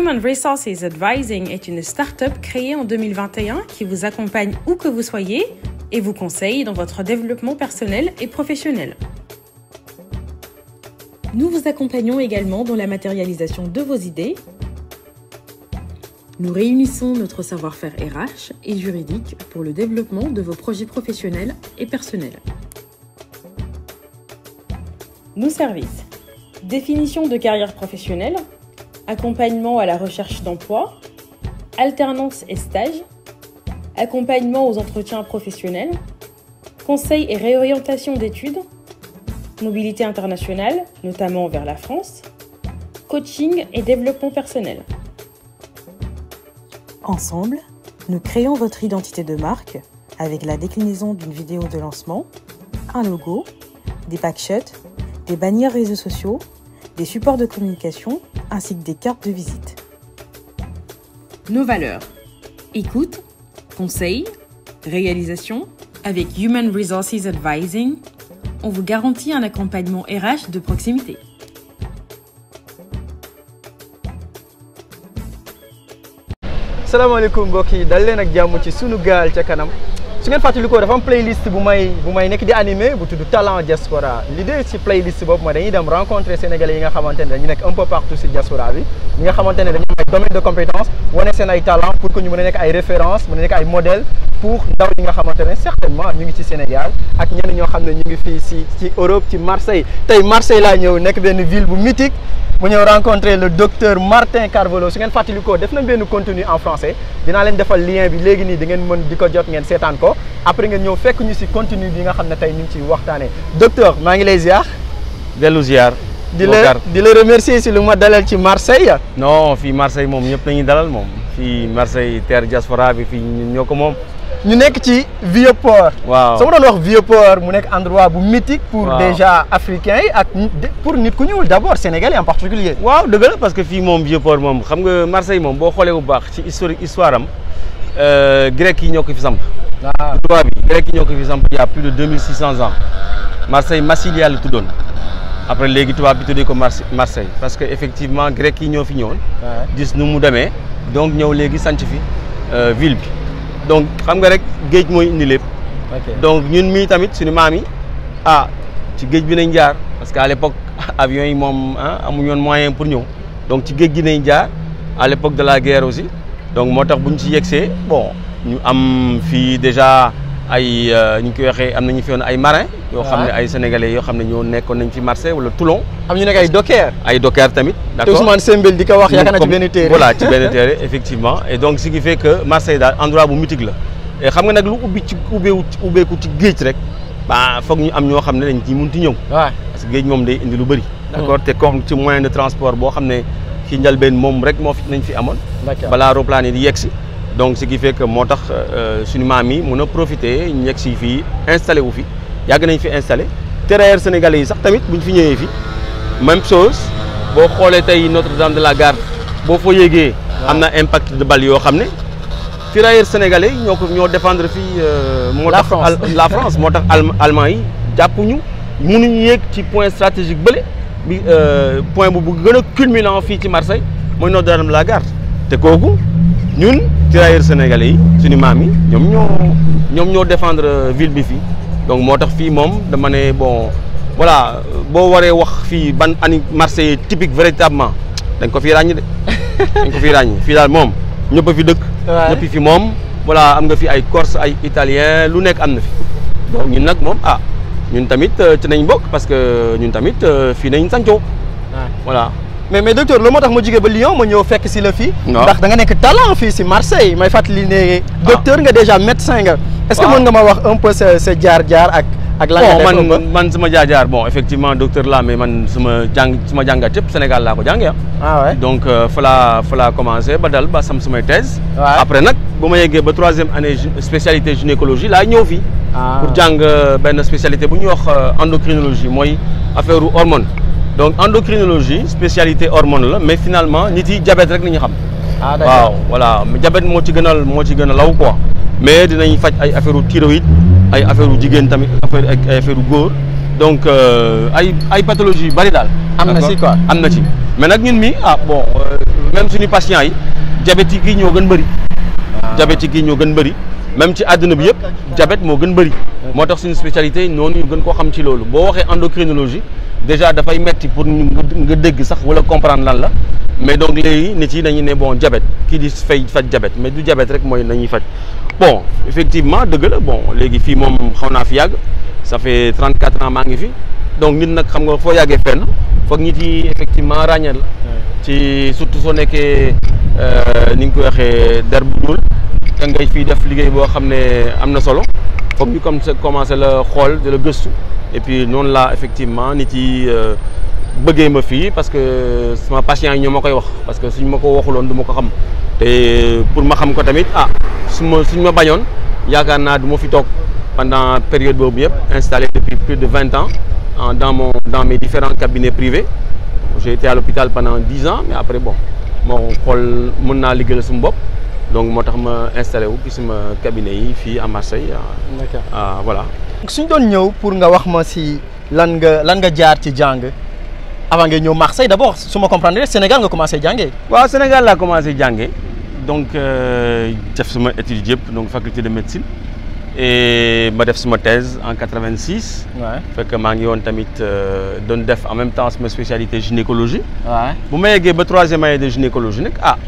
Human Resources Advising est une start-up créée en 2021 qui vous accompagne où que vous soyez et vous conseille dans votre développement personnel et professionnel. Nous vous accompagnons également dans la matérialisation de vos idées. Nous réunissons notre savoir-faire RH et juridique pour le développement de vos projets professionnels et personnels. Nos services. Définition de carrière professionnelle, accompagnement à la recherche d'emploi, alternance et stage, accompagnement aux entretiens professionnels, conseil et réorientation d'études, mobilité internationale, notamment vers la France, coaching et développement personnel. Ensemble, nous créons votre identité de marque avec la déclinaison d'une vidéo de lancement, un logo, des packshots, des bannières réseaux sociaux, des supports de communication ainsi que des cartes de visite. Nos valeurs. Écoute, conseil, réalisation. Avec Human Resources Advising, on vous garantit un accompagnement RH de proximité. salaamaaleykum mbokk yi dal leen ak jàmm ci sunu gaal ca kanam su ngeen fàttalikoo dafa am playlist bu may bu may nekk di animé bu tudd talent diaspora l'idée ci playlist boobu mooy dañuy dem rencontrer sénégalais yi nga xamante ne dañu nekk un peu partout ci diaspora bi ñi nga xamante ne dañu am ay domaine de compétence wane seen ay talent pour que ñu mën a nekk ay référence mën a nekk ay modèle pour ndaw ñi nga xamante ne certainement ñu ngi ci Sénégal ak ñenn ñoo xam ne ñu ngi fii si ci Europe ci Marseille tey Marseille laa ñëw nekk benn ville bu mythique mu ñëw rencontrer le docteur Martin Carvalho su ngeen fàttalikoo def nañ benn contenu en français dina leen defal lien bi léegi nii di ngeen mën di ko jot ngeen seetaan ko après ngeen ñëw fekk ñu si contenu bi nga xam ne tey ñu ngi ciy waxtaanee docteur maa ngi lay ziar. dellu ziar. di la di la remercier si lu ma dalal ci Marseille. non fii Marseille moom ñëpp la ñuy dalal moom fii Marseille terre diaspora bi fii ñun ñoo ko moom. ñu nekk ci vieux port. waaw soo doon wax vieux port mu nekk endroit bu mythique. pour déjà africains yi ak pour nit ku ñuul d' abord sénégalais en particulier waaw dëgg la parce que fii moom vieux port moom xam nga Marseille moom boo xoolee bu baax ci historique histoire am euh, grec yi ñoo ko fi samp. waaw droit bi grec yi ñoo ko fi samp il y a plus de 2600 ans Marseille Massilia la doon après léegi tubaab bi tuddee ko Marseille parce que effectivement grec yi ñoo fi ñëwoon. gis nu mu demee donc ñëw léegi sanc fi euh, ville bi. donc xam nga rek géej mooy indi lépp. donc ñun mii tamit suñu maam yi ah ci géej bi nañ jaar parce que à l'époque avions yi moom ah amuñu woon moyen pour ñëw donc ci géej gi nañ jaar à l'époque de la guerre aussi donc moo tax bu ñu ci yegsee bon ñu am fii déjà. ay euh, ñu koy waxee am na ñu fi woon ay marin yoo xam ne ay sénégalais yoo xam ne ñoo nekkoon nañ fi marché wala Toulon am ñu nekk ay docker ay docker tamit d'accord te Ousmane Sembène di ko wax yaakaar naa ci benn téere voilà ci benn téere effectivement et donc ce qui fait que Marseille daal endroit bu mythique la et xam nga nag lu ubbi ci ubbeewu ubbeeku ci géej rek ba foog ñu am ñoo xam ne dañ mun munti ñëw parce que géej moom day indi lu bëri d'accord te comme ci moyen de transport boo xam ne ci njëlbeen moom rek moo fi nañ fi amoon balaa roplaan yi di yegsi donc ce qui fait que moo tax euh, suñu maam yi mun a profiter ñu yegg si fii installé wu fi yàgg nañu fi installé terroir sénégalais yi sax tamit bu ñu fi ñëwee fii même chose boo xoolee tey Notre-Dame de la Garde boo foo yéegee. am na impact de balle yoo xam ne. tirailleurs sénégalais ñoo ko ñoo défendre fii. Euh, moo tax la France moo tax allemand yi jàppuñu ñu yéeg ci point stratégique bële bi euh, point bu bu gën a culminant fii ci Marseille mooy Notre-Dame de la Garde tirailleurs sénégal yi suñu maam yi ñoom ñoo ñoom ñoo défendre ville bi fii donc moo tax fii moom dama ne bon voilà boo waree wax fii ban ani marché typique véritablement dañ ko fii ràññ de dañ ko fii ràññ fii daal moom ñëpp a fi dëkk ñëpp fi moom wala am nga fi ay corse ay italien lu nekk am na fi ñun nag moom ah ñun tamit euh, ci nañ bokk parce que ñun tamit euh, fii nañ sancoo voilà mais mais docteur loolu moo tax ma jugee ba Lyon ma ñëw fekk si la fi ndax da nekk talent fi si Marseille may fàttali ne. docteur nga déjà médecin nga. est-ce que mën nga ma wax un peu sa sa jaar jaar ak. ak lan nga man man sama jaar jaar bon effectivement docteur laa mais man sama jàng sama jàngat yëpp Sénégal laa ko jàngee ah. ah. ouais donc euh, fa laa fa commencé ba dal ba sam samay thèse. après nag bu ma yeggee ba troisième année spécialité gynécologie laa ñëw fii. Ah. pour jàng euh, benn spécialité bu ñuy wax euh, endocrinologie mooy affaire hormone. donc endocrinologie spécialité hormone la mais finalement nit yi diabète rek la ñu xam. Ah, waaw voilà diabète moo ci gën a moo ci gën a law ko mais dinañ faj ay affaire thyroïde ay affaire jigéen tamit affaire ay affaire góor donc euh, ay ay pathologie yu bari daal. am na ci am na ci. mais nag ñun mi ah bon euh, même suñu patients yi jabet yi ñoo gën bëri. waaw ah. diabétiques yi ñoo gën bëri. même ci àdduna bi yëpp jabet moo gën bëri. moo tax suñu spécialité noonu ñu gën koo xam ci loolu boo waxee endocrinologie. déjà dafay metti pour nga dégg sax wala comprendre lan la mais donc léegi nit yi nañu ne bon diabète kii di fay faj jabet mais du diabète rek mooy nañuy faj bon effectivement dëgg la bon léegi fii moom xaw naa fi yàgg ça fait 34 ans maa ngi fi donc nit nag xam nga foo yàggee fenn foog nit yi effectivement ràññee la ci surtout soo nekkee euh, ni nga ko waxee dar bu ñuul da ngay fii def liggéey boo xam ne am na solo foog ñu comme commencé la xool di la gëstu et noonu laa effectivement nit yi euh, bëggee ma fii parce que sama patient yi ñoo ma koy wax parce que suñ ma ko waxuloon du ma ko xam te pour ma xam ko tamit ah su ma suñ ma bañoon yaakaar naa du ma fi toog pendant période boobu yëpp installé depuis plus de vingt ans dans mon dans mes différents cabinets privés j'ai été à l'hôpital pendant dix ans mais après bon moo xool mën naa liggéeyal suñu bopp donc moo tax ma installé wu ci sama cabinet yi fii à Marseille. Ah. d'accord ah, voilà. suñ doon ñëw pour nga wax ma si lan nga lan nga jaar ci jàng avant nga ñëw Marseille d'abord su ma comprendre Sénégal nga commencé jàngee. waaw Sénégal laa commencé jàngee donc euh, def sama étude yëpp donc faculté de médecine e ma def sama thèse en 86. waaw fekk maa ngi woon tamit euh, doon def en même temps sama spécialité gynécologie. bu ma yeggee ba troisième année de gynécologie nag ah.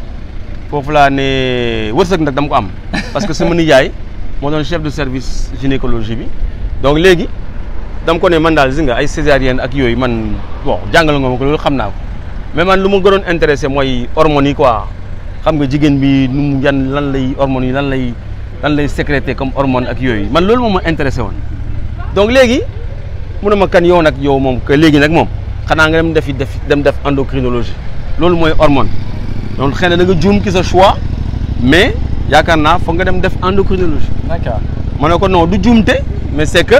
foofu laa ne wërsëg nag dama ko am parce que sama nijaay moo doon chef de service gynécologie bi donc léegi dama ko ne man daal gis nga ay césarienne ak yooyu man bon jàngal nga ma loolu xam naa ko mais man lu ma gënoon intéressé mooy hormones yi quoi xam nga jigéen bi nu yan lan lay hormones yi lan lay lan lay sécréter comme hormone ak yooyu man loolu moom ma intéressé woon donc léegi mu ne ma kan yow nag yow moom que léegi nag moom xanaa nga dem defi def dem def endocrinologie loolu mooy hormone donc xëy na da nga juum ki sa choi mais yaakaar naa foog nga dem def endocrinologie. d'accord ma ne ko non du juumte mais c'est que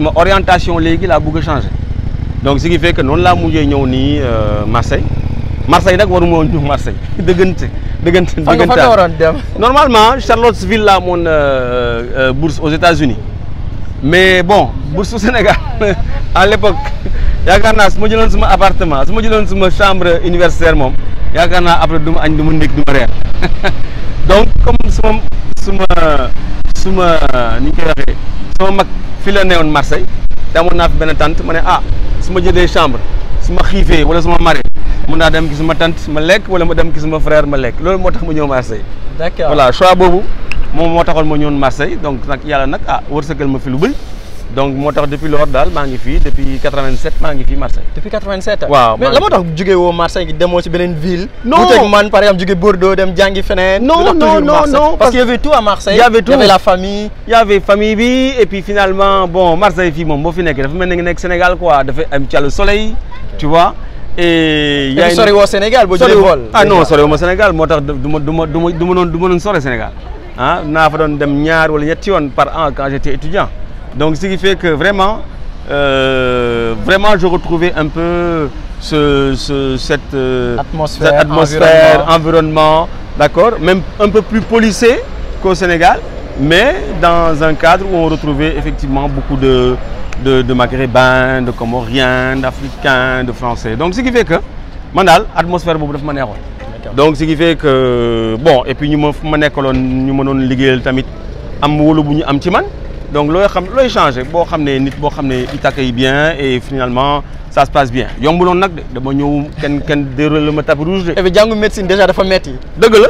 ma orientation léegi laa bëgg a changer donc ce qui fait que noonu laa mujjee ñëw nii euh, Marseille Marseille nag waruma woon ñu Marseille dëggante. dëggante dëggante normalement Charlottesville laa amoon euh, euh, bourse aux États-Unis mais bon bourse au Sénégal à l'époque yaakaar naa su ma jëloon sama appartement su ma jëloon sama chambre universitaire moom. yaakaar naa après du ma añ du ma nekk du ma reer donc comme suma suma suma ni ñu koy waxee sama mag fi la newoon Marseille damoon naa fi benn tante ma ne ah su ma jëlee chambre su ma xiifee wala su ma maree mun naa dem gisuma tante ma lekk wala ma dem gisuma frère ma lekk loolu moo tax ma ñëw Marseille. d'accord voilà choix boobu moom moo taxoon ma ñëwoon Marseille donc nag yàlla nag ah wërsëgal ma fi lu bëri. donc moo tax depuis lors daal maa ngi fi depuis 87 maa ngi fii Marseille. depuis 87 waaw mais la moo tax jugee woo Marseille gi ci beneen non par exemple jugee Bordeaux dem jàngi feneen. non non non la famille. y' avait famille bi et finalement bon Marseille fii moom boo fi nekk dafa me ni nga nekk Sénégal quoi dafa am ci le soleil tu vois. et yaa ngi Sénégal boo jëlee vol. ah non sori woo ma Sénégal moo tax du ma du ma du ma du ma doon du ma doon sori Sénégal ah naa fa doon dem ñaar wala ñetti yoon par an quand j' étais Donc ce qui fait que vraiment, euh, vraiment je retrouvais un peu cet euh, atmosphère, cette, atmosphère, environnement, environnement d'accord Même un peu plus policé qu'au Sénégal, mais dans un cadre où on retrouvait effectivement beaucoup de, de, de Maghrébins, de Comoriens, d'Africains, de Français. Donc ce qui fait que, manal, atmosphère beaucoup de manière. Donc ce qui fait que, bon, et puis nous avons fait un tamit, am wolo bu ñu am ci man donc looy xam looy changé boo xam ne nit boo xam ne il t'accueille bien et finalement ça se passe bien yombuloon nag de dama ñëw kenn kenn la ma tapis rouge de. et puis jàngu médecine déjà dafa metti. dëgg la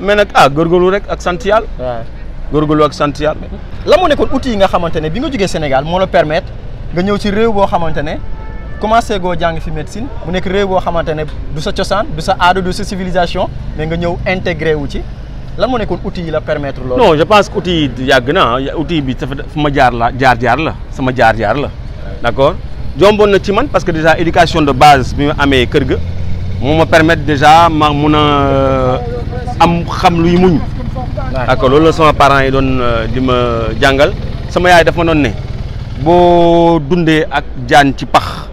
mais nag ah góorgóorlu rek ak sant yàlla. waaw góorgóorlu ak sant la mu nekkoon outil yi nga xamante ne bi nga jógee Sénégal moo la permettre nga ñëw ci réew boo xamante ne commencé goo jàng fi médecine mu nekk réew boo xamante ne du sa cosaan du sa aada du sa civilisation nga ñëw intégré wu ci. la moo nekkoon outil yi la permettre loolu. non je pense outil yàgg na outil bi dafa fu ma jaar la jaar jaar la sama jaar jaar la d' accord jomboon na ci man parce que déjà éducation de base bi ma amee kër ga moo ma permettre déjà ma mun a euh, am xam luy muñ. d' loolu la sama parent yi doon euh, di ma jàngal sama yaay dafa noon ne boo dundee ak jaan ci pax.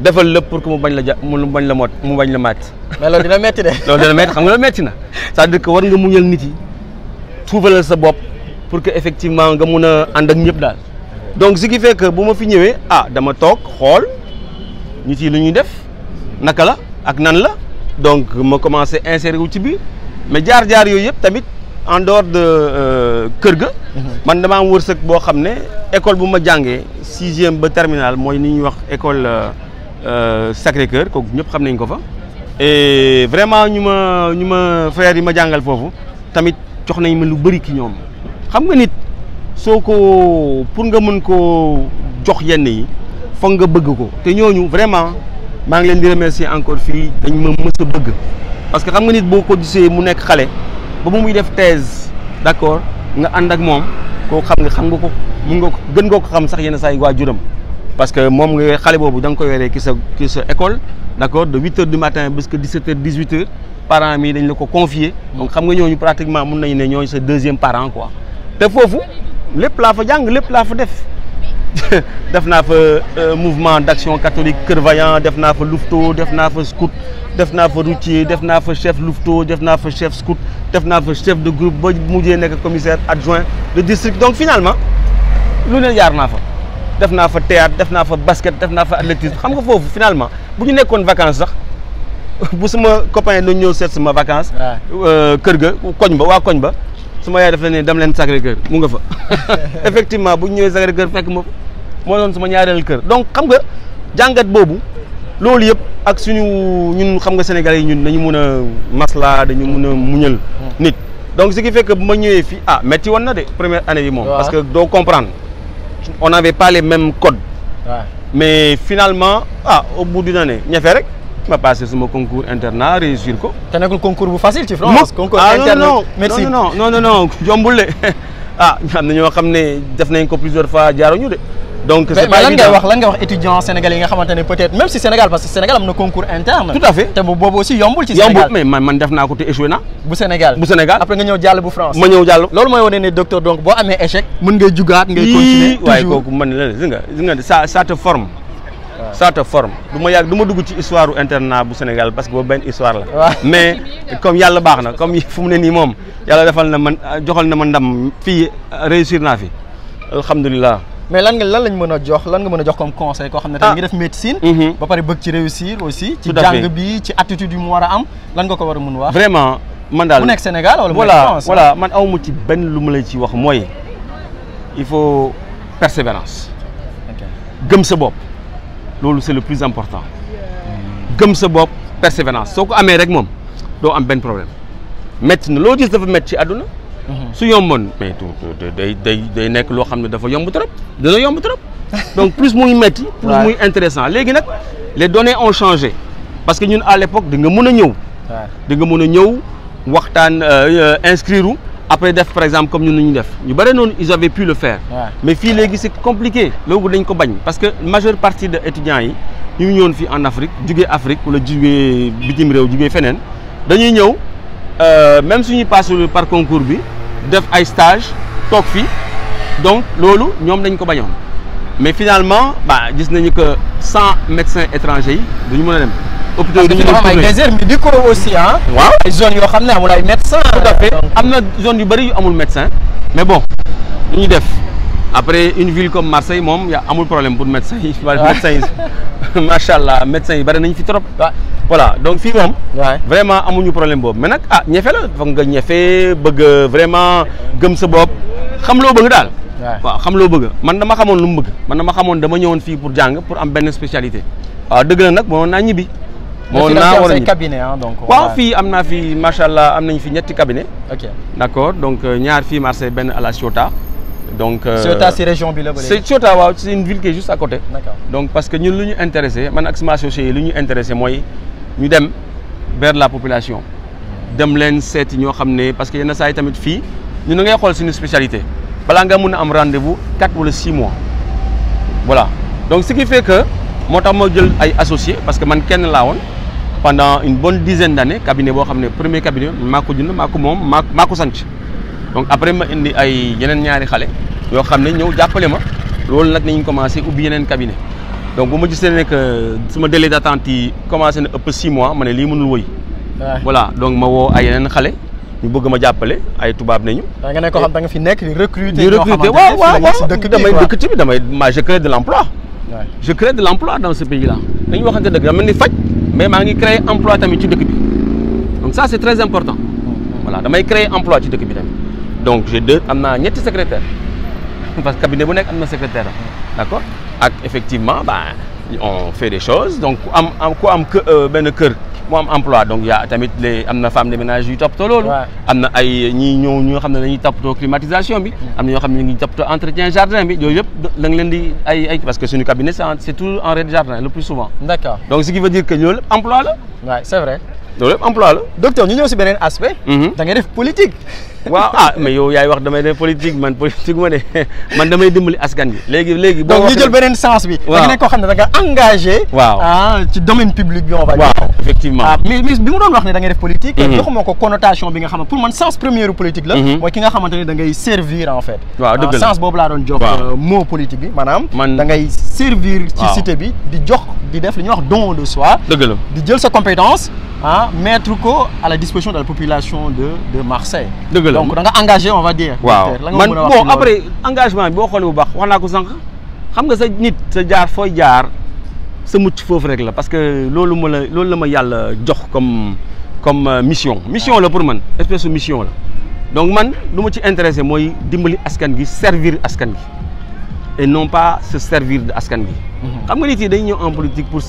defal lépp pour que mu bañ la ja mu bañ la mot mu bañ la màcc. mais loolu dina metti de. loolu dina metti xam nga loolu metti na c'est-à-dire que war nga muñal nit yi suufalal sa bopp pour que effectivement nga mun a ànd ak ñëpp daal. donc ce qui bu ma fi ñëwee ah dama toog xool nit yi lu ñuy def naka la ak nan la donc ma commencé insérer wu ci biir mais jaar-jaar yooyu yëpp tamit en dehors de euh, kër ga. Mhm. man damaa am wërsëg boo xam ne école bu ma jàngee sixième ba terminal mooy ni ñuy wax école. Euh, Euh, Sacré Cœur kooku ñëpp xam nañ ko fa. e vraiment ñu ma ñu ma frères yi ma jàngal foofu tamit jox nañ ma lu bëri ki ñoom xam nga nit soo ko pour nga mën koo jox yenn yi foog nga bëgg ko te ñooñu vraiment maa ngi leen di remercier encore fii dañ ma mës a bëgg. parce que xam nga nit boo ko gisee mu nekk xale ba mu muy def thèse d'accord nga ànd ak moom koo xam nga xam nga ko mun nga ko gën nga ko xam sax yenn saa yi waajuram parce que moom nga xale boobu danga nga ko yoree ki sa ki sa école d' de huit heures du matin jusqu'à dix sept heures dix huit heures parents mi dañ la ko confier donc xam nga ñooñu pratiquement mun nañu ne ñooñu sa deuxième parent quoi te foofu lépp laa fa jàng lépp laa fa def def naa fa euh, mouvement d' action catholique Kër Vaillant def naa fa louveteau def naa fa scout def naa fa routier def naa fa chef louveteau def naa fa chef scout def naa fa chef de groupe ba mujjee nekk commissaire adjoint de district donc finalement lu ne jaar naa fa def naa fa théâtre def naa fa basket def naa fa athlétisme xam nga foofu finalement bu ñu nekkoon vacances sax bu sama copain yi ñëw seet sama vacances. Euh, kër ga koñ ba waa koñ ba. suma yaay def na ne dam leen Sacré Cœur mu nga fa effectivement bu ñu ñëwee Sacré Cœur fekk ma moo doon suma ñaareel kër donc xam nga jàngat boobu loolu yëpp ak suñu ñun xam nga sénégalais yi ñun dañu mun a masla dañu mun a muñal hmm. nit donc ce qui fait que bu ma ñëwee fii ah metti woon na on n'avait pas les mêmes codes. mais finalement ah au bout d'une année ñafe rek ma passé suma concours internat réussir ko. te nekkul concours bu facile ci France. concours ah, interne merci non non non non non non jombul de ah am na ñoo xam ne def nañ ko plusieurs fois jaaruñu de. donc c'est pas lan ngay wax lan ngay wax étudiants sénégalais yi nga xamante ne peut-être même si Sénégal parce que Sénégal am na concours interne. tout à fait te boobu aussi yombul ci Sénégal yombul mais man def naa ko te échoué naa. bu Sénégal après nga ñëw jàll bu France. ma ñëw jàll loolu mooy wane ne docteur donc boo amee échec. mën ngay jugaat ngay continuer toujours waaye kooku man la gis nga gis nga ça ça te forme. waaw ça te ma yàgg du ma dugg ci histoire u internat bu Sénégal parce que boobu benn histoire la. mais comme yàlla baax na comme fu mu ne nii moom yàlla defal na man joxal na ma ndam fii réussir naa fi alhamdulilah. mais lan nga lan mën a jox lan nga mën a jox comme conseil ko xam ne tey ah. ngi def médecine mhm. ba pare bëgg ci réussir aussi ci jàng bi ci attitude yu mu war a am lan nga ko war a mun waa vraiment man daal bu nekk Sénégal wala voilà voilà man awma ci benn lu ma la ci wax mooy il faut persévérance gëm sa bopp loolu c'est le plus important gëm sa bopp persévérance soo ko amee rek moom doo am benn problème métti na loo gis dafa métti ci àdduna Mhm. su yomboon mais tout day day day nekk loo xam ne dafa yomb trop dina yomb trop donc plus muy metti plus muy intéressant léegi nag les données on changé parce que ñun à l'époque di nga mën a ñëw di nga mën a ñëw waxtaan euh, euh, inscrire après def par exemple comme ñun nu ñu def ñu bare noonu ils avaient pu le faire mais fii léegi c'est compliqué loolu dañ ko bañ parce que majeure partie de étudiants yi ñu ngi ñëwoon fii en Afrique jugee Afrique wala jugee bitim réew jugee feneen dañuy ñëw euh, même suñu passé par concours bi def ay stage toog fi donc loolu ñoom dañ ko bañoon mais finalement bah gis nañu que cent médecins étrangers yi du ñu mën a dem. hôpitaux yi am ay déserts médicaux aussi ah. waaw ay zones yoo xam ne amul ay médecins. tout à am na zone yu bëri yu amul médecin mais bon lu ñu def. après une ville comme Marseille moom yaa amul problème pour médecin yi. waaw médecin yi macha allah médecin yi bari nañ fi trop. voilà donc fii moom. vraiment amuñu problème boobu mais nag ah ñefe la foog nga ñefe bëgg vraiment gëm sa bopp xam loo bëgg daal. waaw xam loo bëgg man ma xamoon lu mu bëgg man dama xamoon dama ñëwoon fii pour jàng pour am benn spécialité waaw dëgg la nag mënoon naa ñibi moo naa war a ñibbi donc. waaw fii am naa fi macha allah am nañ fi ñetti cabinet. ok accord donc euh, ñaar fii Marseille benn à La donc euh, Ciotat si bi la ba léegi Ciotat waaw c'est une ville qui est à côté. donc parce que ñun lu ñu intéressé man ak sama associé yi lu ñu intéressé mooy ñu dem vers la population. dem leen seeti ñoo xam ne parce que yenn saa yi tamit fii ñun da ngay xool suñu spécialité balaa nga mun a am rendez-vous quatre wala six mois voilà donc ce qui fait que moo tax ma jël ay associé parce que man kenn laa woon pendant une bonne dizaine d'années cabinet boo xam ne premier cabinet maa ko jënd moom maa maa ko donc après ma indi ay yeneen ñaari xale yoo xam ne ñëw jàppale ma loolu nag nañu commencé ubbi yeneen cabinet donc bu ma gisee ne que ma delee d' attente yi commencé na ëpp 6 mois ma ne lii mënul woy voilà donc ma woo ay yeneen xale ñu bëgg ma jàppale ay tubaab nañu. da nga ne ko xam da nga fi nekk di waaw waaw waaw damay dëkk ci bi damay ma je crée de l' emploi. je crée de l' emploi dans ce pays là. dañu waxante dëgg dama ni faj mais maa ngi créer emploi tamit ci dëkk bi donc ça c' est très important. Mm, mm. voilà damay créer emploi dëkk bi tamit. donc j'ai deux am naa ñetti secrétaire parce que cabinet bu nekk am na secrétaire am d'accord ak effectivement bah on fait des choses donc ku am am euh, benn kër mu am emploi donc yaa tamit les am na femme de ménage yu toppatoo loolu am na ay ñi ñëw ñi nga xam ne dañuy toppatoo climatisation bi mm. am na ñoo xam ne ñu ngi toppatoo entretien jardin bi yooyu yëpp da nga leen di ay ay parce que suñu cabinet c'est toujours en rez jardin le plus souvent donc ce qui veut dire que loolu emploi la loolu emploi la. docteur ñu ñëw si beneen aspect. Mhm. da ngay def politique. waaw ah mais yow yaay wax damay def politique man politique ma de man damay dimbali askan bi léegi léegi. boo jël beneen sens bi. waaw da xam ne da nga engagé. waaw ah ci domaine public bi ah, ne da ngay def politique. Mhm. joxuma ko connotation bi nga xam ne mhm. ne da ngay servir en fait. waaw dëgg ah, la sens boobu laa jox. Euh, mot politique bi maanaam. man da ngay servir. ci cité bi di jox di def li ñu wax don de soi. dëgg la di jël sa compétence ah ah mettre ko à la disposition de la population de de Marseille. dëgg la donc da nga engagé on va dire. waaw man bon après engagement boo xoolee bu baax wax naa ko sànq xam nga sa nit sa jaar fooy jaar sa mucc foofu rek la parce que loolu ma la loolu la ma yàlla jox comme comme euh, mission. mission la pour man espèce de mission la donc man lu ma ci intéressé mooy dimbali askan gi servir askan gi et non pas se servir de askan gi. Mhm. xam nga nit yi dañ ñëw en politique pour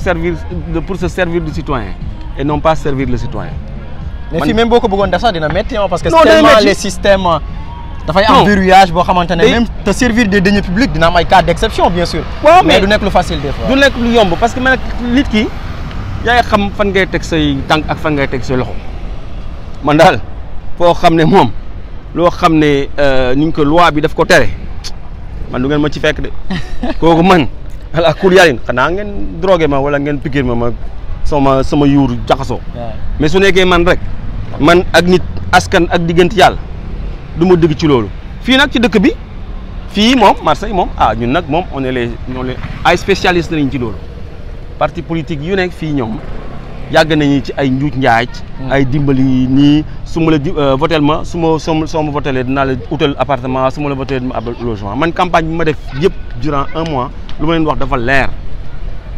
et non pas servir le citoyen. mais fii même boo ko bëggoon def sax dina métti parce que. non tellement les dafay am boo xamante ne même te servir des deniers publics dina am ay cas d' exception bien sûr. waaw mais du nekk lu facile des fois. du nekk lu yomb parce que man nit ki yaay xam fan ngay teg say tànk ak fan ngay teg say loxo man daal foo xam ne moom loo xam ne euh, ni ñu ko loi bi daf ko tere man du ngeen ma ci fekk de kooku man ala kulli yàlla xanaa ngeen drogué ma wala ngeen piqué ma ma. sama sama yuur jaxasoo mais su nekkee man rek man ak nit askan ak diggante yàlla du ma dëgg ci loolu fii nag ci dëkk bi fii moom Marseille moom ah ñun nag moom on est les on est ay spécialiste nañ ci loolu parti politique yu nekk fii ñoom yàgg nañu ci ay njuuj njaaj hmm. ay dimbali nii su ma la di euh, votel ma su ma soo soo ma votelee la utal appartement su ma la votelee ma ab logement man campagne bi ma def yëpp durant un mois lu ma leen wax dafa leer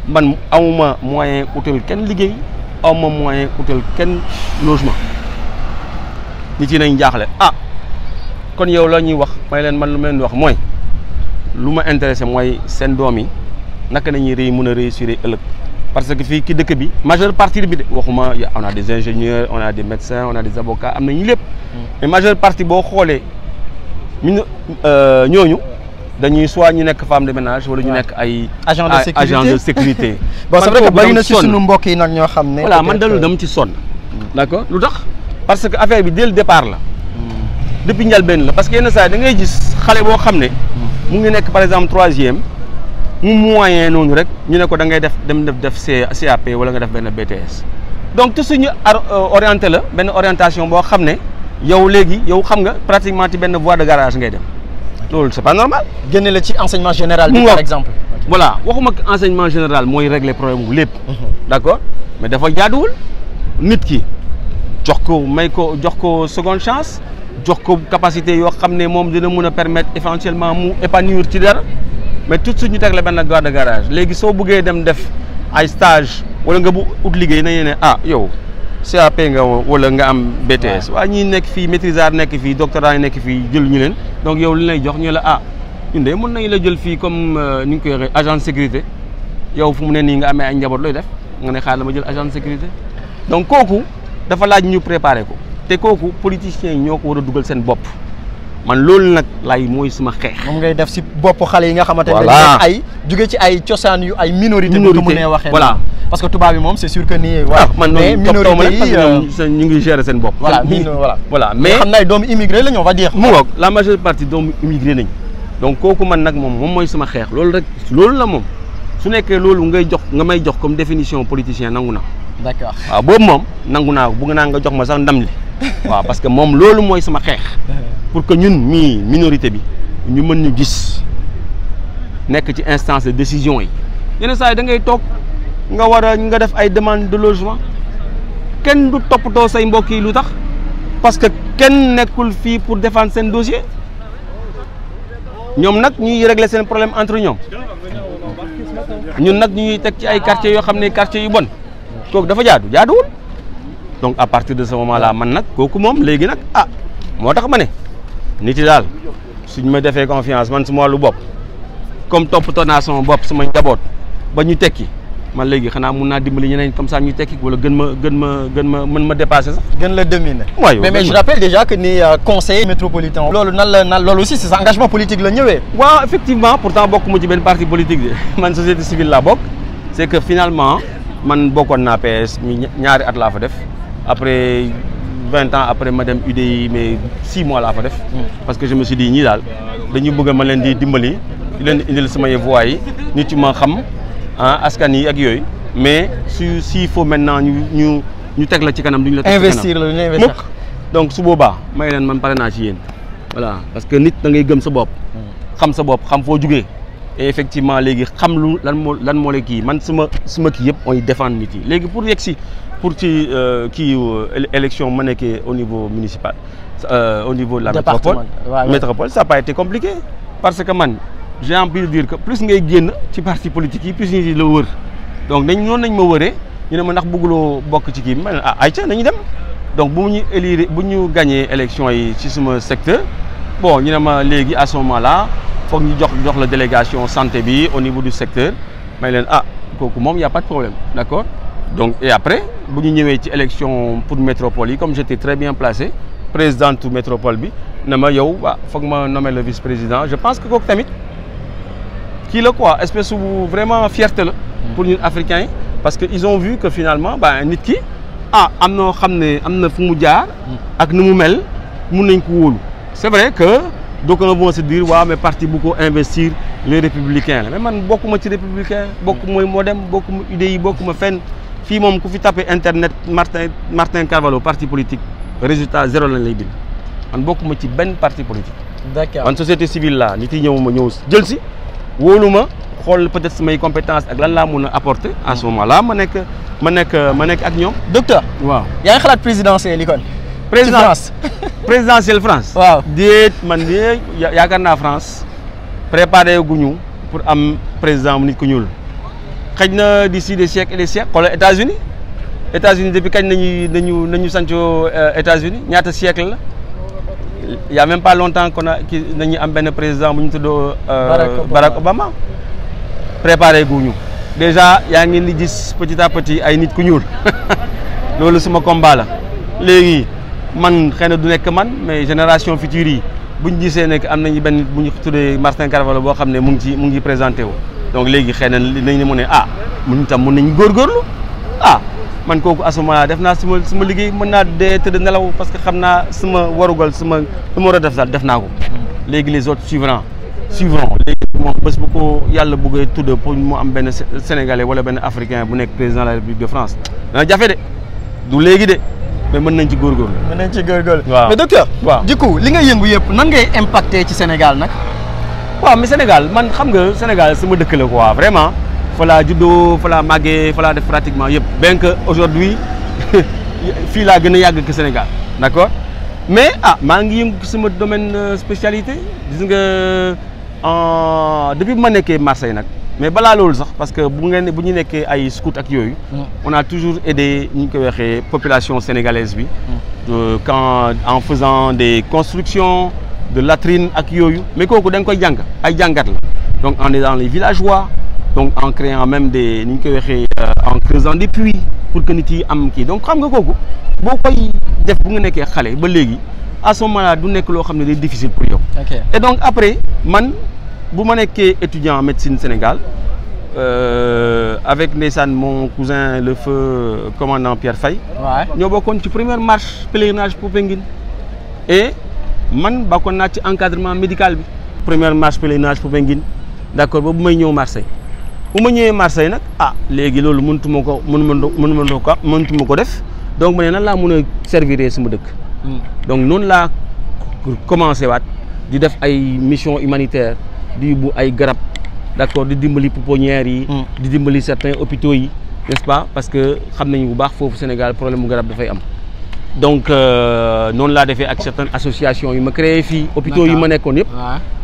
man amuma moyen utal kenn liggéey amuma moyen utal kenn logement nit yi nañ jaaxle ah kon yow la ñuy wax ma leen man lu ma leen wax mooy lu ma intéressé mooy seen doom yi naka nañuy réy mun a réussir ëllëg parce que fii ki dëkk bi majeure partie bi de waxuma on a des ingénieurs on a des médecins on a des avocats am nañu lépp mm. mais majeure partie boo xoolee ñu euh, ñooñu dañuy soit ñu nekk femme de ménage wala ñu nekk ay. agent de sécurité agent de sécurité. bon c'est vrai que bari na ci sunu mbokk yi nag ñoo xam ne. voilà man dalul dama ci sonn. Hmm. d'accord lu tax parce que affaire bi dès le départ la. Hmm. depuis njëlbeen la parce que yenn saa yi da ngay gis xale boo xam ne. Hmm. mu ngi nekk par exemple troisième. mu moyen noonu rek ñu ne ko da ngay def dem def def CAP wala nga def benn BTS. donc te suñu euh, orienté la benn orientation boo xam ne yow léegi yow xam nga pratiquement ci benn voie de garage ngay dem. loolu c'est pas normal. génne la ci enseignement général bi par exemple. voilà waxuma enseignement général mooy régler problème wu lépp. Mhm. d'accord mais dafa jaaduwul nit ki jox ko may ko jox ko seconde chance jox ko capacité yoo xam ne moom dana mun a permettre éventuellement mu épanouir ci dara mais tout de ñu teg la benn garde garage léegi soo buggee dem def ay stage wala nga bu ut liggéey nañu ne ah yow. CAP nga wala nga am BTS. waaw ñii nekk fii maîtrisard nekk fii doctorat nekk fii jël ñu leen. donc yow li lay jox ñu la ah ñun de mën nañu la jël fii comme euh, ni ñu koy waxee agent sécurité yow fu mu nee nii nga amee ay njaboot looy def nga ne xaaral ma jël agent sécurité donc kooku dafa laaj ñu préparer ko te kooku politiciens yi ñoo ko war a dugal seen bopp. man loolu nag lay mooy sama xeex. moom ngay def si bopp xale yi nga xamante ne. voilà ay jóge ci ay cosaan yu ay minorité bu mu nee waxee voilà parce que tubaab yi moom c'est sûr que nii. Ah, waaw man minorité yi euh, ñu ngi gérer seen bopp. voilà voilà mais xam naa doomu immigré la ñu on va dire. mu ngoog la majeure partie doomu immigré nañ donc kooku man nag moom moom mooy sama xeex loolu rek loolu la moom su nekkee loolu ngay jox nga may jox comme définition politicien nangu na. d'accord waaw boobu moom nangu naa ko bëgg naa nga jox ma sax ndam li waaw parce que moom loolu mooy sama xeex euh. pour que ñun mii minorité bi ñu mën ñu gis nekk ci instance de décision yi yenn saa yi da ngay toog nga war a nga def ay demande de logement kenn du toppatoo say mbokk yi lu tax parce que kenn nekkul fii pour défendre seen dossier ñoom nag ñuy régler seen problème entre ñoom ñun nag ñu ngi teg ci ay quartiers yoo xam ne quartiers yu bon toog dafa jaadu jaaduwul donc à partir de ce moment là man nag kooku moom léegi nag ah moo tax ma ne nit yi daal suñ ma defee confiance man su ma wàllu bopp comme toppatoo naa sama bopp sama njaboot ba ñu tekki man léegi xanaa mun naa dimbali ñeneen comme ça ñu tekki wala gën ma gën ma gën ma mën ma dépasser sax. gën la dominer. na mais mais je rappelle déjà que ni euh, conseiller métropolitain. loolu nan la na loolu aussi c'est sa engagement politique la ñëwee. waaw effectivement pourtant bokkuma ci benn parti politique de man société civile laa bokk c'est que finalement man bokkoon naa PS ñaari at laa fa def après. vingt ans après ma dem UDI mais six mois laa fa def. parce que je me suis ñii daal dañu bëgg a ma leen di dimbali di leen la samay vois yi nit yi ma xam ah askan yi ak yooyu mais su s'il faut maintenant ñu ñu ñu teg la ci kanam duñu la. teg investir la duñu investir donc su boobaa may leen man pare naa ci yéen voilà parce que nit da ngay gëm sa bopp. xam sa bopp xam foo jugee. et effectivement léegi xam lu lan moo lan moo kii man suma suma kii yëpp mooy défendre nit yi léegi pour yegg si pour ci euh, kii élection ma nekkee au niveau municipal euh, au niveau de la métropole métropole ça n'a pas été compliqué parce que man j'ai envie de dire que plus ngay génn ci parti politique yi plus ñu la wër donc nañ noonu nañ ma wëree ñu ne ma ndax bëgguloo bokk ci ki ma ne ah ayca nañu dem donc bu ñu élire bu ñu gagné élection yi ci suma secteur bon ñu ne ma léegi à ce moment là foog ñu jox jox la délégation santé bi au niveau du secteur may leen a ah, kooku moom y' a pas de problème donc et après bu ñu ñëwee ci élection pour métropole yi comme j'étais très bien placé présidente métropole bi ne ma yow waa foog ma nommer le vice président je pense que kooku ki kii la quoi espèce bu vraiment fierté la. pour ñun africains yi parce que ils ont vu que finalement ba nit ki ah am noo xam ne am na fu mu jaar. ak nu mu mel mun nañ ko wóolu. c'est vrai que d'aucuns vont se dire waaw mais parti bu ko investir les républicains la mais man bokkuma ci républicain bokkuma modem bokkuma idée yi bokkuma fenn. fii moom ku fi tappee internet Martin Martin Carvalho parti politique résultat zéro la lay bind man ma ci benn parti politique. d'accord man société civile laa nit yi ñëw ma ñëw jël si wóolu ma xool peut-être samay compétence ak lan laa mun a apporter à ce moment là ma nekk ma nekk ma nekk ak ñoom. docteur waaw yaa ngi xalaat présidentiel yi kon. président France France. waaw déet man de yaakaar naa France préparé guñu pour am président nit ku ñuul. xëj na di des de et des siècles xoolal États-Unis États-Unis depuis kañ nañu nañu nañu sancoo euh, États-Unis ñaata siècle la il y même pas longtemps qu'on a ki nañu am benn président bu ñu tuddoo euh, Barack Obama préparé guñu déjà yaa ngi di gis petit à petit ay nit ku ñuul loolu suma combat la léegi man xëy na du nekk man mais génération future yi bu ñu gisee nekk am nañu benn bu ñu tuddee Martin Carvalho boo xam ne mu ngi ci mu ngi présenté wu donc léegi xëy na nañ ne mu ne ah mun tam mun nañ góorgóorlu ah man kooku asuma def naa suma suma liggéey mën naa dee tëdd nelaw parce que xam naa suma warugal suma lu ma war def daal def naa ko léegi les autres suivants suivront léegi moom bés ko yàlla bëggee tudd pour mu am benn sénégalais wala benn africain bu nekk président de la république de France dana jafe de du léegi de mais mën nañ ci góorgóorlu. mën nañ ci góorgóorlu. waaw mais waaw du coup li nga yëngu yëpp nan ngay impacté ci Sénégal nag. waaw mais Sénégal man xam nga Sénégal sama dëkk la quoi vraiment fa laa fola fa laa de pratiquement yëpp bien que aujourd'hui fii laa gën a yàgg que Sénégal d'accord mais ah maa ngi yëngu sama domaine euh, spécialité gis nga en depuis ma nekkee Marseille nag mais balaa loolu sax parce que bu ngeen bu ñu nekkee ay scout ak yooyu. Mm. on a toujours aidé ñu ko waxee population sénégalaise bi. Mm. Euh, quand en faisant des constructions. de latrine ak yooyu mais kooku danga koy jàng ay jàngat la donc en aidant les villageois donc en créant même des ni ñu koy waxee euh, en creusant des puits pour que ni yi am kii donc xam nga kooku boo koy def bu nga nekkee xale ba léegi à ce du nekk loo xam ne day difficile pour yow. et donc après man bu ma nekkee étudiant en médecine Sénégal euh, avec ndeysaan mon cousin le feu commandant Pierre Faye. ñoo bokkoon ci première marche pèlerinage Popenguine et. man ba bokkoon naa ci encadrement médical bi. première marche pèlerinage Popenguine d' accord ba bu may ñëw Marseille bu ma ñëwee Marseille nag ah léegi loolu mëntu ma ko mënu ma ko mëntu ma ko def donc ma ne nan laa mën a servir suma dëkk. Hmm. donc noonu laa commencé waat di def ay mission humanitaire di bu ay garab d' accord di dimbali pouponnières yi. Hmm. di dimbali certains hôpitaux yi n' est ce pas parce que xam nañu bu baax foofu Sénégal problème garab dafay am. donc euh, noonu laa defee ak certaines association yu ma créé fii hôpitaux yi ma nekkoon yëpp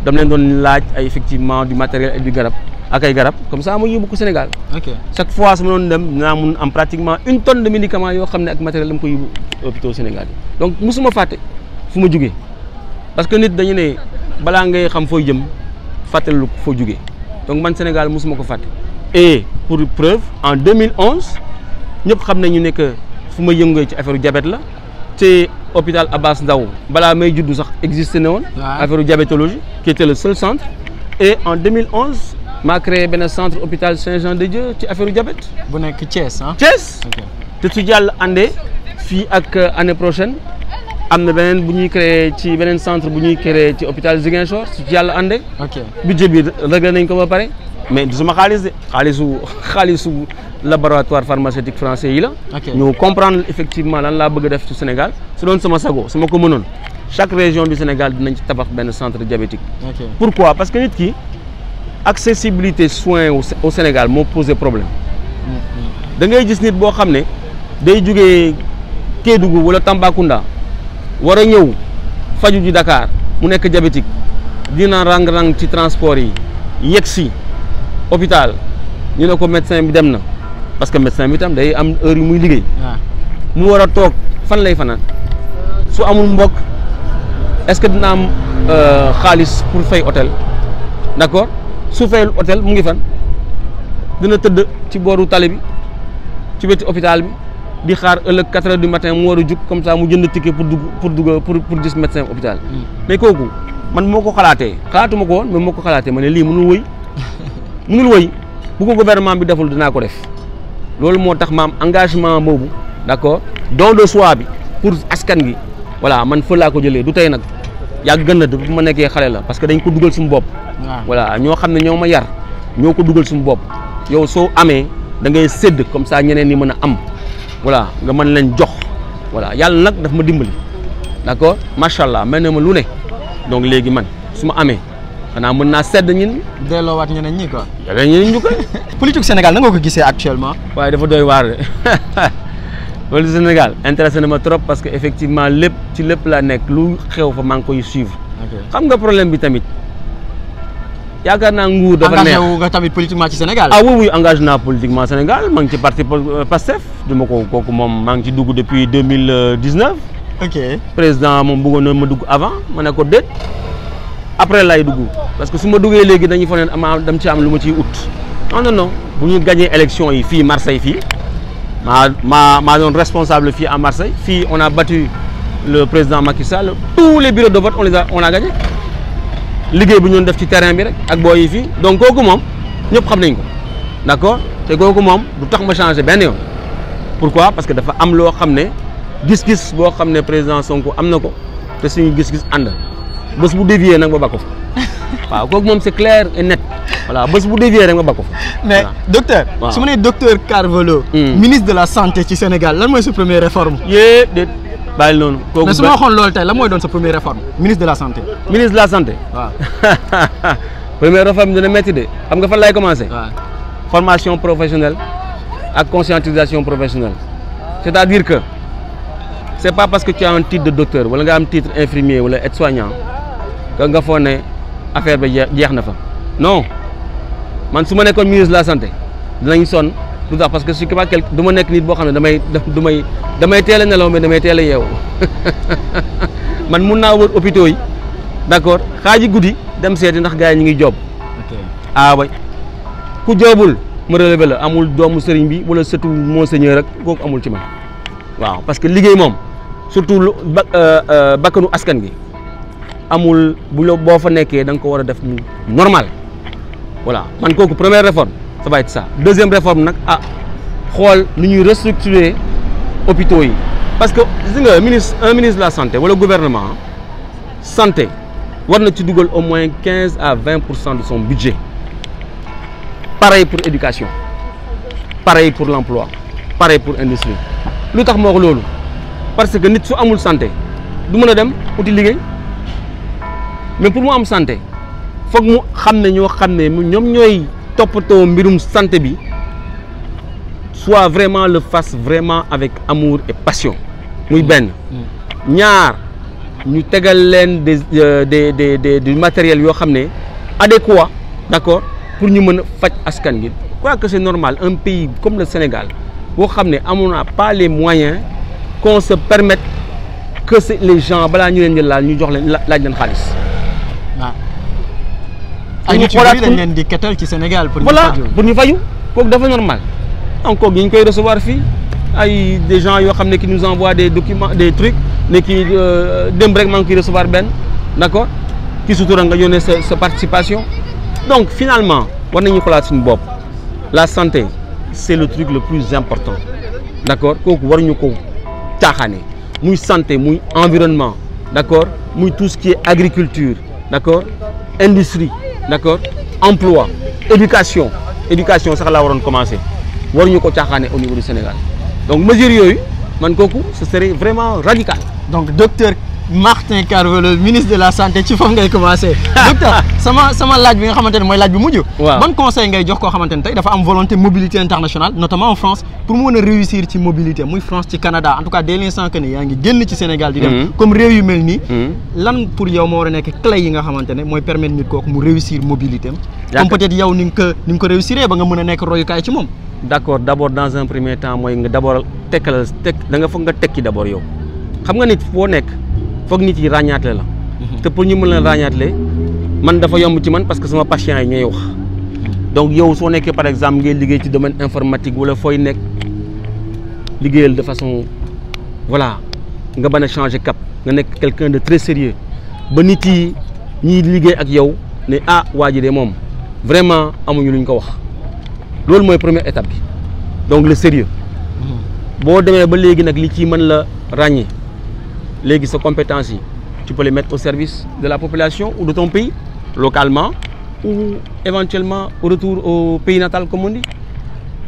dam leen doon laaj ay effectivement du matériel et du garab ak ay garab comme ça ma yóbbu ko Sénégal ok chaque fois su ma doon dem dinaa mun am pratiquement une tonne de médicaments yoo xam ne ak matériel dama ko yóbbu hôpitaux Sénégal yi donc mosuma fàtte fu ma jugee parce que nit dañu ne balaa ngay xam foo jëm fàttaliku foo jugee donc man Sénégal mosuma ko fàtte et pour preuve en 2011 ñëpp xam nañu ne que fu ma yëngoo ci affaire diabète la te hôpital Abbas Ndao balaa may juddu sax existe ne woon. affaire diabétologie qui était le seul centre. et en 2011 maa créé benn centre hôpital Saint-Jean-de-Dieu ci affaire diabète. bu nekk Thiès ah. Thiès. te su jàll àndee fii ak euh, année prochaine am na beneen bu ñuy créé ci beneen centre bu ñuy créé ci hôpital Ziguinchor su jàll àndee. ok budget bi réglé nañ ko ba pare. mais du suma xaalis de xaalisu xaalisu laboratoire pharmaceutique français yi la. ñu comprendre effectivement lan laa bëgg a def ci Sénégal su doon sama sago su ma ko mënoon chaque région du Sénégal dinañ ci tabax benn centre diabétique. pourquoi parce que nit ki accessibilité soins au Sénégal moo posé problème. Mm-hmm. da ngay gis nit boo xam ne day jugee Kédougou wala Tambacounda war a ñëw faju ji Dakar mu nekk diabétique dina rang-rang ci transport yi yegg si. hôpital ñu ne ko médecin bi dem na parce que médecin bi tam day am heure yu muy liggéey. Ah. mu war a toog fan lay fanaan su amul mbokk est-ce que dina am euh, xaalis pour fay hôtel d'accord su fayul hôtel mu ngi fan dina tëdd ci booru tali bi ci wetu hôpital bi di xaar ëllëg quatre heures du matin mu war a jug comme ça mu jënd ticket pour dugg pour dugg pour pour gis médecin hôpital. Hmm. mais kooku man moo ko xalaatee xalaatuma ko woon mais moo ko xalaatee ma ne lii mënul wëy. munul woy bu ko gouvernement bi deful dinaa ko def loolu moo tax maam engagement boobu d'accord don de soi bi pour askan gi voilà man fa laa ko jëlee du tey nag yàgg na bu ma nekkee xale la parce que dañ ko dugal suñu bopp. voilà ñoo xam ne ñoo ma yar ñoo ko dugal suñu bopp yow soo amee da ngay sédd comme saa ñeneen ñi mën a am voilà nga mën lañ jox voilà yàlla nag daf ma dimbali d'accord macha allah mel na ma lu ne donc léegi man su ma amee. xanaa mën naa sedd ñin. delloowaat ñeneen ñi quoi. yeneen ñeneen ñu ko. politique Sénégal na nga ko gisee actuellement. waaye dafa doy waar de politique Sénégal intéressé na ma trop parce que effectivement lépp ci lépp laa nekk lu xew fa maa ngi koy suivre. xam nga problème bi tamit yaakaar naa nguur. dafa neex engagé wu nga tamit politiquement ci Sénégal. ah oui oui engagé naa politiquement Sénégal maa ngi ci parti euh, PASTEF. du ma ko kooku moom maa ngi ci dugg depuis deux mille dix neuf. ok président moom bëggoon ma dugg avant ma ne ko déet. après lay dugg parce que su ma duggee léegi dañuy fa neen ama dam ci am lu ma ciy ut non non non bu ñu gagné élection yi fii Marseille fii maa ma maa doon responsable fii à Marseille fii on a battu le président Macky Sall tous les bureaux de vote on les a on a gagné liggéey bu ñu def ci terrain bi rek ak booy yi fii donc kooku moom ñëpp xam nañ ko d'accord te kooku moom du tax ma changé benn yoon pourquoi parce que dafa am loo xam ne gis-gis boo xam ne président Sonko am na ko suñu gis-gis ànd. bés bu dévier nag ma bakku fa waaw kooku moom c'est clair et net voilà bés bu dévier rek ma bakku fa. mais docteur. waaw su ma nee docteur Carvalho. Hmm. ministre de la santé ci Sénégal la mooy sa première réforme. yee déet bàyyi noonu. kooku mais su ma waxoon loolu tey mooy doon sa première réforme ministre de la santé. ministre de la santé. waaw première réforme dina métti de xam nga fan lay commencé. formation professionnelle ak conscientisation professionnelle c'est-à-dire que c'est pas parce que tu as un am titre infirmier wala aide-soignant. que nga foog ne affaire bi jeex na fa non man su ma nekkoon ministre de la santé dinañ sonn lu tax parce que su ma quelque du ma nekk nit boo xam ne damay du may damay teel nelaw mais damay teel a yeewu man mun naa wër hôpitaux yi d'accord xaaji guddi dem seeti ndax gars yi ñu ngi joob ah ku joobul ma relevé la amul doomu sëriñ bi wala sëtu monseigneur rek kooku amul ci man waaw parce que liggéey moom surtout lu euh, euh, bakkanu askan gi amul bu la boo fa nekkee da nga ko war a def mu normal voilà man kooku première réforme ça va être ça deuxième réforme nag ah xool nu ñuy restructurer opito yi parce que gis nga ministre un ministre la santé wala gouvernement santé war na ci dugal au moins quinze à vingt pour cent de son budget pareil pour éducation pareil pour l'emploi pareil pour industrie lu tax moo loolu parce que nit su amul santé du mën a dem uti liggéey mais pour mu am santé foog mu xam ne ñoo xam ne mu ñoom ñooy toppatoo mbirum santé bi soit vraiment le fasse vraiment avec amour et passion muy benn ñaar ñu tegal leen des euh, des des des du matériel yoo xam ne adéquat d'accord pour ñu mën a faj askan gi quoi que normal un pays comme le Sénégal boo xam ne amoon naa pas les moyens qu'on se permette que les gens balaa ñu leen di laal ñu jox leen laaj leen xaalis pour ñu xoolaat leen di ketal ci Sénégal. pour ñu fayu pour ñu fayu kooku dafa normal. donc kooku ñu koy recevoir fi ay des yoo xam ne ki nu envoient des documents des trucs ne kii euh, démb rek maa ngi koy recevoir benn d' accord ki sutura nga yónnee sa sa participation. donc finalement war nañu xoolaat suñu bopp la santé c' est le truc le plus important d' accord kooku ñu ko caaxaane muy santé muy environnement d' accord muy tout ce qui est agriculture d' industrie. d'accord emploi éducation éducation sax laa waroon commencé waruñu ko caaxaane au niveau du Sénégal donc mesures yooyu man kooku ce serait vraiment radical donc docteur Martin Carvalho ministre de la santé ci foofu ngay commencé. docteur sama sama laaj bi nga xamante ne mooy laaj bi mujj. waaw ban conseil ngay jox koo xamante ne tey dafa am volonté mobilité internationale notamment en France pour mu mën a réussir ci mobilité muy France ci Canada en tout cas dès l'instant que ni yaa ngi génn ci Sénégal. di dem mm-hmm. comme réew yu mel nii. Mm-hmm. lan pour yow moo war a nekk clé yi nga xamante ne mooy permettre nit kooku mu réussir mobilité am. ko ni ko réussiree ba a nekk royukaay ci moom. d'accord d'abord dans un premier temps nga d'abord tekkalal tek da nga foog nga tekki nekk foog nit yi ràññaatle la. Mhm. te pour ñu mën leen ràññaatle man dafa yomb ci man parce que sama patients yi ñooy wax. Mhm. donc yow soo nekkee par exemple ngay liggéey ci domaine informatique wala fooy nekk liggéeyal de façon voilà nga mën a changer cap nga nekk quelqu'un de très sérieux ba nit yi ñiy liggéey ak yow ne ah waa ji de moom vraiment amuñu lu ñu ko wax loolu mooy première étape bi donc le sérieux mhm. boo demee ba léegi nag li ci mën la ràññee. léegi sa compétence yi ci peux les mettre au service de la population ou de ton pays localement ou éventuellement au retour au pays natal comme on dit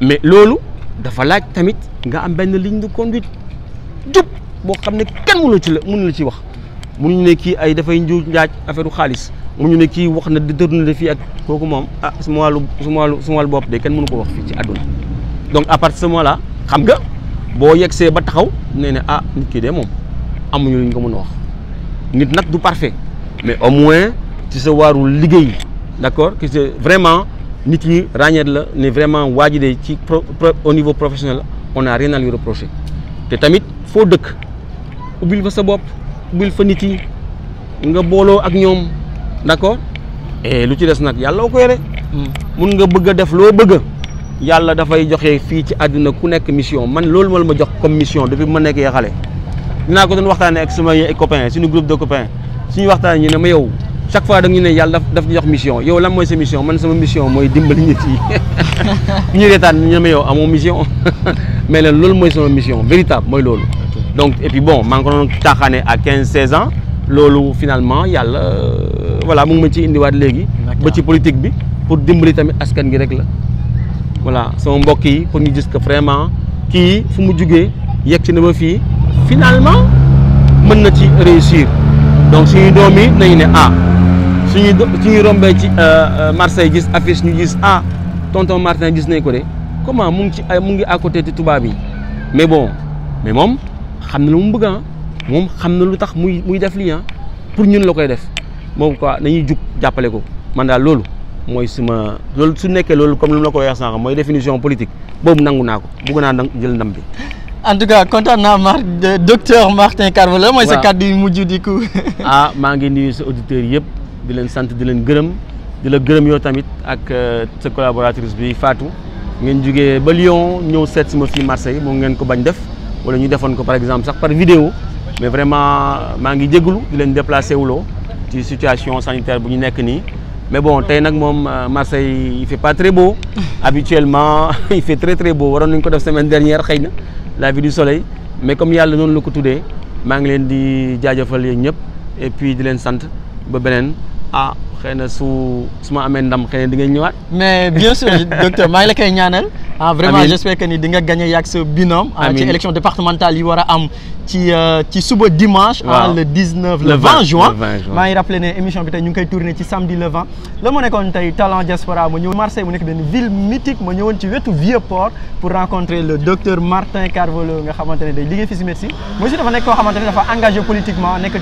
mais loolu dafa laaj tamit nga am benn ligne de conduite jub boo xam ne kenn mënu la ci la mënu la ci wax mënuñu ne kii ay dafay njuuj njaaj affaire xaalis xaalis mënuñu ne kii wax na détourné de fii ak kooku moom ah suma wàllu suma wàllu suma wàllu bopp de kenn mënu ko wax fii ci àdduna donc à partir de ce moment là xam nga boo yegsee ba taxaw ne ah nit kii de moom amuñu ñu ko mën a wax nit nag du parfait mais au moins ci sa waarul liggéey d'accord que c'est vraiment nit ñi ràññeet la ne vraiment waa ji de ci au niveau professionnel on a rien à lui reprocher te tamit foo dëkk ubbil fa sa bopp ubbil fa nit yi nga booloo ak ñoom d'accord et lu ci des nag yàlla ko yore hmm. mun nga bëgg def loo bëgg yàlla dafay joxe fii ci àdduna ku nekk mission man loolu ma la ma jox comme mission depuis ma nekkee xale dinaa ko doon waxtaanee ak suma ay copains suñu groupe de copains suñu waxtaanee ñu ne ma yow chaque fois da ñu ne yàlla daf ñu jox mission yow lan mooy sa mission man sama mission mooy dimbali nit yi ñu reetaan ñu ne ma yow amoo mission mais leen loolu mooy sama mission véritable mooy loolu. donc et puis bon maa ngi ko doon taaxaane à 15 loolu finalement yàlla wala euh, mu ngi ma ci indiwaat léegi. ba ci politique bi pour dimbali tamit askan gi rek la. voilà sama mbokk yi pour ñu gis que vraiment kii fu mu jugee yegg ci na ba fii. finalement mën na ci réussir donc suñu doom yi nañu ne ah suñu suñu rombee ci euh, euh, Marseille gis affiche ñu gis ah tonton Martin gis nañ ko de comment mu ngi ci euh, mu ngi à côté tubaab yi mais bon mais moom xam na lu mu bëgg ah moom xam na lu tax muy muy def lii ah. pour ñun la koy def moom quoi nañuy jug jàppale ko man daal loolu mooy suma loolu su nekkee loolu comme lu mu la ko waxee sànq mooy définition politique boobu nangu naa ko bëgg naa jël ndam bi. en tout cas kontaan naa Mar docteur Martin Carvalho mooy sa kàddu yu mujj di ko. ah maa ngi nuyu sa auditeurs yëpp di leen sant di leen gërëm di la gërëm yow tamit ak euh, sa collaboratrice bi Fatou. ngeen jugee ba Lyon ñëw seet si ma fii Marseille moom ngeen ko bañ def wala ñu defoon ko par exemple sax par vidéo mais vraiment maa ngi jégalu di leen déplacé wuloo ci situation sanitaire bu ñu nekk nii. mais bon tey nag moom euh, Marseille i fait pas très beau habituellement il fait très très beau waroon ko def semaine dernière xëy na. la vie du soleil mais comme yàlla noonu la ko tuddee maa ngi leen di jaajëfal yéen ñëpp et puis di leen sant ba beneen ah xëy na su su ma amee ndam xëy na di nga ñëwaat. mais bien sûr docteur maa ngi la koy ñaanal. ah vraiment j'espère que ni di nga gagné yaag sa ah, ci élection a am ci euh, ci suba ah, le 19 le juin maa ngi rappelé ne émission bi tey ñu ngi ci samedi le 20. la ma nekkoon tey talent diaspora ma ñëw Marseille mu nekk benn ville mythique ma ñëwoon ci wetu vieux port pour rencontrer le docteur Martin Carvalho nga xamante ne day liggéey fi si médecine. monsieur dafa nekk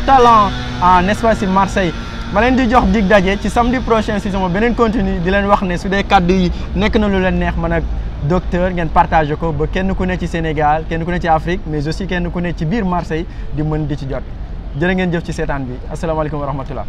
ma leen di jox dig daje ci samedi prochain si sama beneen contenu di leen wax ne su dee kàddu yi nekk na lu leen neex man ak docteur ngeen partagé ko ba kenn ku ne ci Sénégal kenn ku ne ci Afrique mais aussi kenn ku ne ci biir Marseille di mën di ci jot jërë ngeen jëf ci seetaan bi asalaamaaleykum wa rahmatullah